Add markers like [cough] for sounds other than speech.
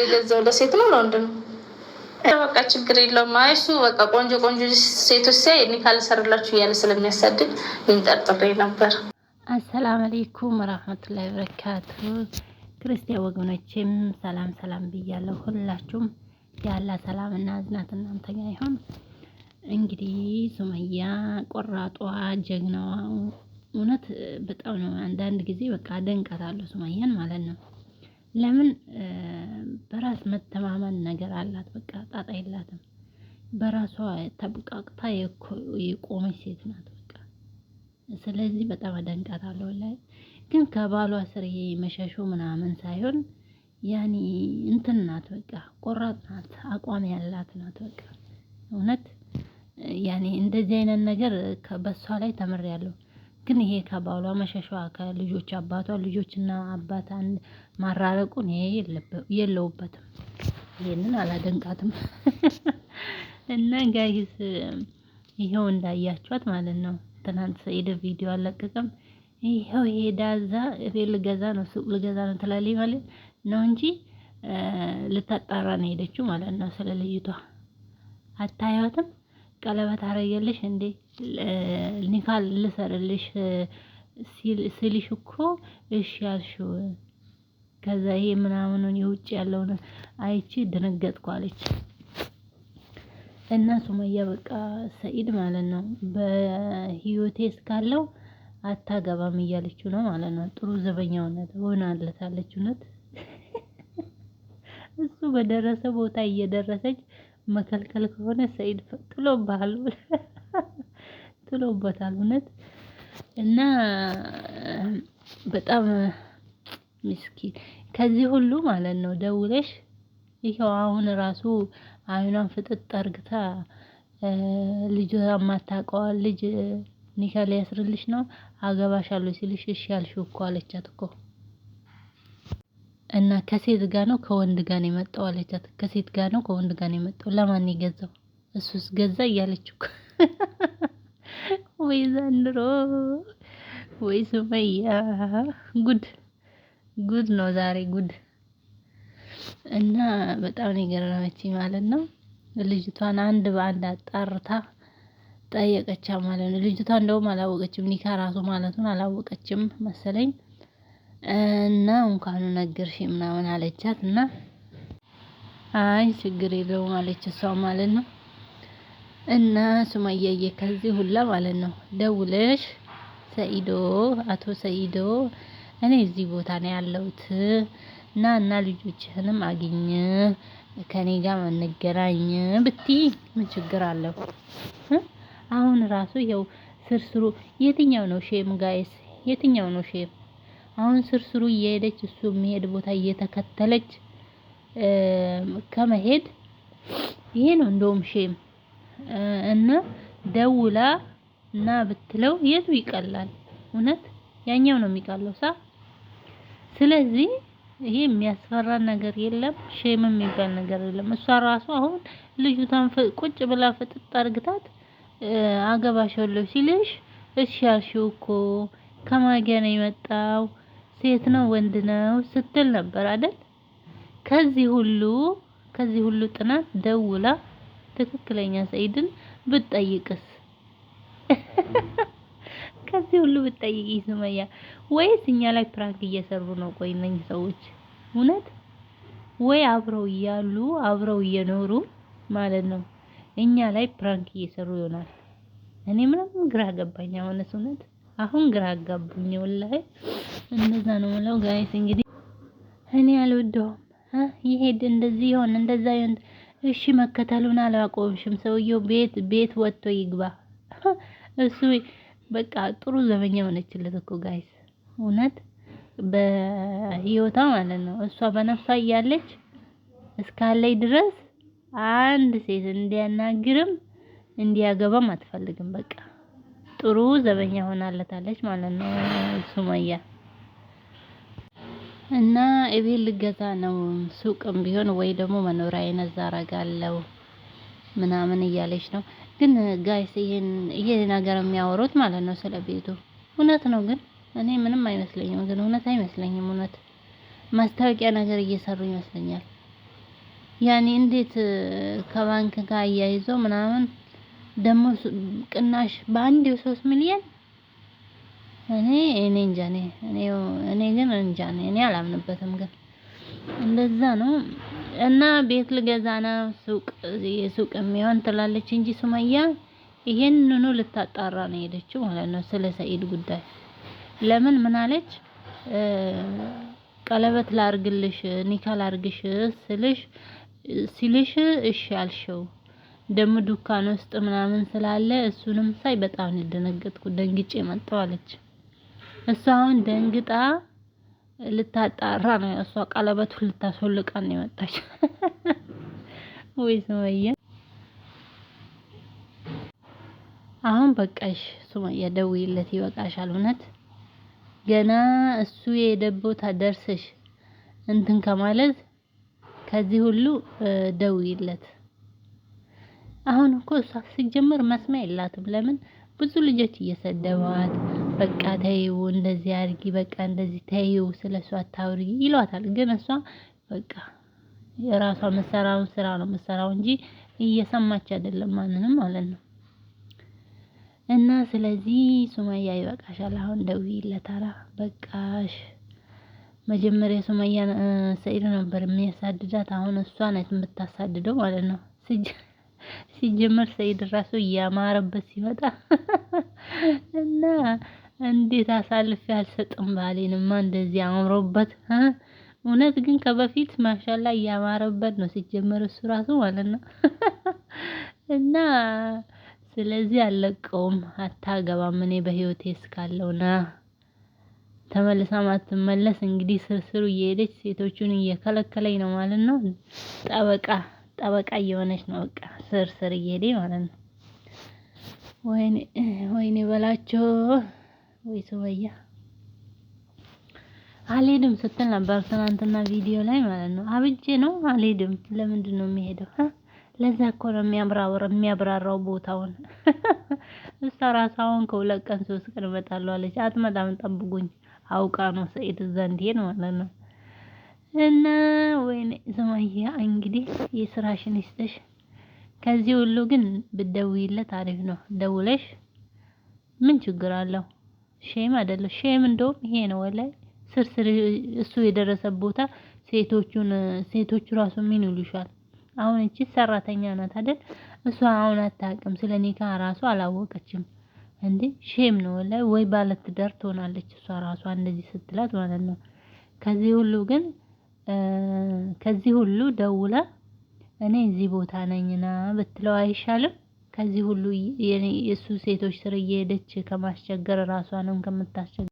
የገዛው ለሴት ነው ለወንድ ነው። በቃ ችግር የለውም። አይ እሱ በቃ ቆንጆ ቆንጆ ሴቶች ሲያይ እኔ ካልሰርላችሁ እያለ ስለሚያሳድግ ይንጠርጥሬ ነበር። አሰላም አለይኩም ወራህመቱላሂ ወበረካቱ። ክርስቲያን ወገኖቼም ሰላም ሰላም ብያለሁ። ሁላችሁም ያላ ሰላም እና እዝነት እናንተ ጋር ይሁን። እንግዲህ ሱመያ ቆራጧ ጀግናዋ፣ እውነት በጣም ነው። አንዳንድ ጊዜ በቃ ደንቃታለሁ ሱመያን ማለት ነው ለምን በራስ መተማመን ነገር አላት። በቃ ጣጣ የላትም። በራሷ ተብቃቅታ የቆመች ሴት ናት። በቃ ስለዚህ በጣም አደንቃታለሁ። ላይ ግን ከባሏ ስር መሸሹ ምናምን ሳይሆን ያኔ እንትን ናት። በቃ ቆራጥ ናት። አቋም ያላት ናት። በቃ እውነት ያኔ እንደዚህ አይነት ነገር በሷ ላይ ተምሬያለሁ። ግን ይሄ ከባሏ መሸሿ ከልጆች አባቷ ልጆችና አባት አንድ ማራረቁን ይሄ የለውበትም። ይሄንን አላደንቃትም። [laughs] እና ጋይስ ይኸው እንዳያችኋት ማለት ነው። ትናንት ሰኢድ ቪዲዮ አለቀቀም። ይኸው ይሄ ዳዛ ቤት ልገዛ ነው ሱቅ ልገዛ ነው ትላለች ማለት ነው እንጂ ልታጣራ ነው ሄደችው ማለት ነው። ስለ ልጅቷ አታያትም። ቀለበት አረየልሽ እንዴ ኒካል ልሰርልሽ ስልሽ እኮ እሺ አልሽው። ከዛ ይሄ ምናምኑን የውጭ ያለውን አይቺ ደነገጥኩ አለች። እና ሱመያ በቃ ሰኢድ ማለት ነው በህይወቴ እስካለው አታገባም እያለችው ነው ማለት ነው። ጥሩ ዘበኛውነት ሆናለታለች። እውነት [laughs] እሱ በደረሰ ቦታ እየደረሰች መከልከል ከሆነ ሰኢድ ጥሎብሃል [laughs] ጥሎበታል። እውነት እና በጣም ምስኪን ከዚህ ሁሉ ማለት ነው ደውለሽ ይኸው አሁን ራሱ አይኗን ፍጥጥ አርግታ ልጅ የማታውቀዋል ልጅ ኒካ ሊያስርልሽ ነው አገባሻለሁ ሲልሽ እሺ ያልሽው እኮ አለቻት እኮ እና ከሴት ጋር ነው ከወንድ ጋር ነው የመጣው አለቻት። ከሴት ጋር ነው ከወንድ ጋር ነው የመጣው ለማን የገዛው? እሱስ ገዛ እያለችው ወይ ዘንድሮ ወይ ሱመያ ጉድ ጉድ ነው ዛሬ ጉድ። እና በጣም ነው የገረመችኝ ማለት ነው። ልጅቷን አንድ በአንድ አጣርታ ጠየቀቻ ማለት ነው። ልጅቷ እንደውም አላወቀችም፣ ኒካ ራሱ ማለቱን አላወቀችም መሰለኝ። እና እንኳን ነገርሽኝ ምናምን አለቻት እና አይ ችግር የለውም አለች እሷ ማለት ነው። እና ሱመያዬ ከዚህ ሁላ ማለት ነው ደውለሽ ሰኢዶ አቶ ሰኢዶ እኔ እዚህ ቦታ ነው ያለሁት እና እና ልጆችህንም አግኝ ከኔ ጋር እንገናኝ ብቲ ምን ችግር አለው? አሁን ራሱ ያው ስርስሩ የትኛው ነው ሼም ጋይስ? የትኛው ነው ሼም? አሁን ስርስሩ እየሄደች እሱ የሚሄድ ቦታ እየተከተለች ከመሄድ ይሄ ነው እንደውም ሼም እና ደውላ እና ብትለው የቱ ይቀላል? እውነት ያኛው ነው የሚቀለው ሳ ስለዚህ ይሄ የሚያስፈራ ነገር የለም። ሼም የሚባል ነገር የለም። እሷ ራሱ አሁን ልጅቷን ቁጭ ብላ ፍጥጥ አርግታት አገባሻለሁ ሲልሽ እሺ ያልሽው እኮ ከማን ነው የመጣው ሴት ነው ወንድ ነው ስትል ነበር አይደል? ከዚህ ሁሉ ከዚህ ሁሉ ጥናት ደውላ ትክክለኛ ሰይድን ብትጠይቅስ? [laughs] ከዚህ ሁሉ ብትጠይቅ ሱመያ፣ ወይስ እኛ ላይ ፕራንክ እየሰሩ ነው? ቆይ እነኝህ ሰዎች እውነት ወይ አብረው እያሉ አብረው እየኖሩ ማለት ነው እኛ ላይ ፕራንክ እየሰሩ ይሆናል። እኔ ምንም ግራ ገባኝ አሁንስ እውነት አሁን ግራ አጋቡኝ። ወላሂ እንደዛ ነው የምለው ጋይስ። እንግዲህ እኔ አልወደውም። ይሄድ እንደዚህ ይሆን እንደዛ ይሆን። እሺ መከተሉን አላቆምሽም። ሰውየው ቤት ቤት ወጥቶ ይግባ። [laughs] እሱ በቃ ጥሩ ዘበኛ ሆነችለት እኮ ጋይስ፣ እውነት በህይወቷ ማለት ነው። እሷ በነፍሷ እያለች እስካለይ ድረስ አንድ ሴት እንዲያናግርም እንዲያገባም አትፈልግም በቃ ጥሩ ዘበኛ ሆናለታለች ማለት ነው ሱመያ። እና እቤት ልገዛ ነው ሱቅም ቢሆን ወይ ደግሞ መኖሪያ እዛ ምናምን እያለች ነው። ግን ጋይስ ይሄን ይሄ ነገር የሚያወሩት ማለት ነው ስለ ቤቱ እውነት ነው። ግን እኔ ምንም አይመስለኝም። ግን እውነት አይመስለኝም። እውነት ማስታወቂያ ነገር እየሰሩ ይመስለኛል። ያኔ እንዴት ከባንክ ጋር አያይዞ ምናምን ደግሞ ቅናሽ በአንድ ሶስት ሚሊዮን እኔ እኔ እንጃ እኔ እኔ ግን እንጃ እኔ አላምንበትም። ግን እንደዛ ነው እና ቤት ልገዛ ነው ሱቅ የሱቅ የሚሆን ትላለች እንጂ ሱመያ ይሄንኑ ልታጣራ ነው የሄደችው ማለት ነው። ስለ ሰኢድ ጉዳይ ለምን ምን አለች? ቀለበት ላርግልሽ ኒካ ላርግሽ ስልሽ ሲልሽ እሺ አልሽው ደግሞ ዱካን ውስጥ ምናምን ስላለ እሱንም ሳይ በጣም እንደነገጥኩ የደነገጥኩት። ደንግጬ መጣሁ አለች። እሷ አሁን ደንግጣ ልታጣራ ነው። እሷ ቀለበቱን ልታስወልቃን ነው የመጣች። [laughs] ወይ ሱመያ አሁን በቃሽ ሱመያ፣ ደውይለት ይበቃሻል። እውነት ገና እሱ የሄደበት ቦታ ደርሰሽ እንትን ከማለት ከዚህ ሁሉ ደውይለት። አሁን እኮ እሷ ሲጀምር መስሚያ የላትም። ለምን ብዙ ልጆች እየሰደቧት በቃ ተይው እንደዚህ አድርጊ፣ በቃ እንደዚህ ተይው፣ ስለ እሷ አታውሪ ይሏታል። ግን እሷ በቃ የራሷ መሰራውን ስራ ነው መሰራው እንጂ እየሰማች አይደለም ማንንም ማለት ነው። እና ስለዚህ ሱመያ ይበቃሻል፣ አሁን ደውዪለት አላ በቃሽ። መጀመሪያ ሱመያ ሰኢድ ነበር የሚያሳድዳት፣ አሁን እሷ ነች የምታሳድደው ማለት ነው። ሲጀመር ሰይድ ራሱ እያማረበት ሲመጣ [laughs] እና እንዴት አሳልፌ አልሰጥም ባሌንማ እንደዚህ አምሮበት እውነት ግን ከበፊት ማሻላ እያማረበት ነው ሲጀመር እሱ ራሱ ማለት ነው። [laughs] እና ስለዚህ አለቀውም አታገባም እኔ በህይወቴ እስካለሁና ተመልሳ ማትመለስ እንግዲህ ስርስሩ እየሄደች ሴቶቹን እየከለከለኝ ነው ማለት ነው። ጠበቃ ጠበቃ እየሆነች ነው። በቃ ስር ስር እየሄደ ማለት ነው። ወይኔ ወይኔ በላቸው ወይ ሱመያ አልሄድም ስትል ነበር ትናንትና ቪዲዮ ላይ ማለት ነው። አብጄ ነው አልሄድም። ለምንድን ነው የሚሄደው? ለዛ እኮ ነው የሚያብራራው የሚያብራራው ቦታውን። [laughs] እሷ ራሷ አሁን ከሁለት ቀን ሶስት ቀን እመጣለሁ አለች። አትመጣም፣ ጠብቁኝ አውቃ ነው ሰኢድ እዛ እንዲሄድ ማለት ነው። እና ወይኔ ሱመያ እንግዲህ የስራሽን ይስጥሽ። ከዚህ ሁሉ ግን ብትደውይለት አሪፍ ነው። ደውለሽ ምን ችግር አለው? ሼም አይደለም ሼም እንደውም ይሄ ነው ስር ስርስር እሱ የደረሰ ቦታ ሴቶቹን ሴቶቹ ራሱ ምን ይሉሻል? አሁን እቺ ሰራተኛ ናት አይደል? እሷ አሁን አታውቅም፣ ስለ ኒካ ራሱ አላወቀችም። እንዴ ሼም ነው ወላሂ ወይ ባለትዳር ትሆናለች እሷ ራሷ እንደዚህ ስትላት ማለት ነው። ከዚህ ሁሉ ግን ከዚህ ሁሉ ደውላ እኔ እዚህ ቦታ ነኝና ብትለው አይሻልም? ከዚህ ሁሉ የእሱ ሴቶች ስር እየሄደች ከማስቸገር ራሷንም ከምታስቸግር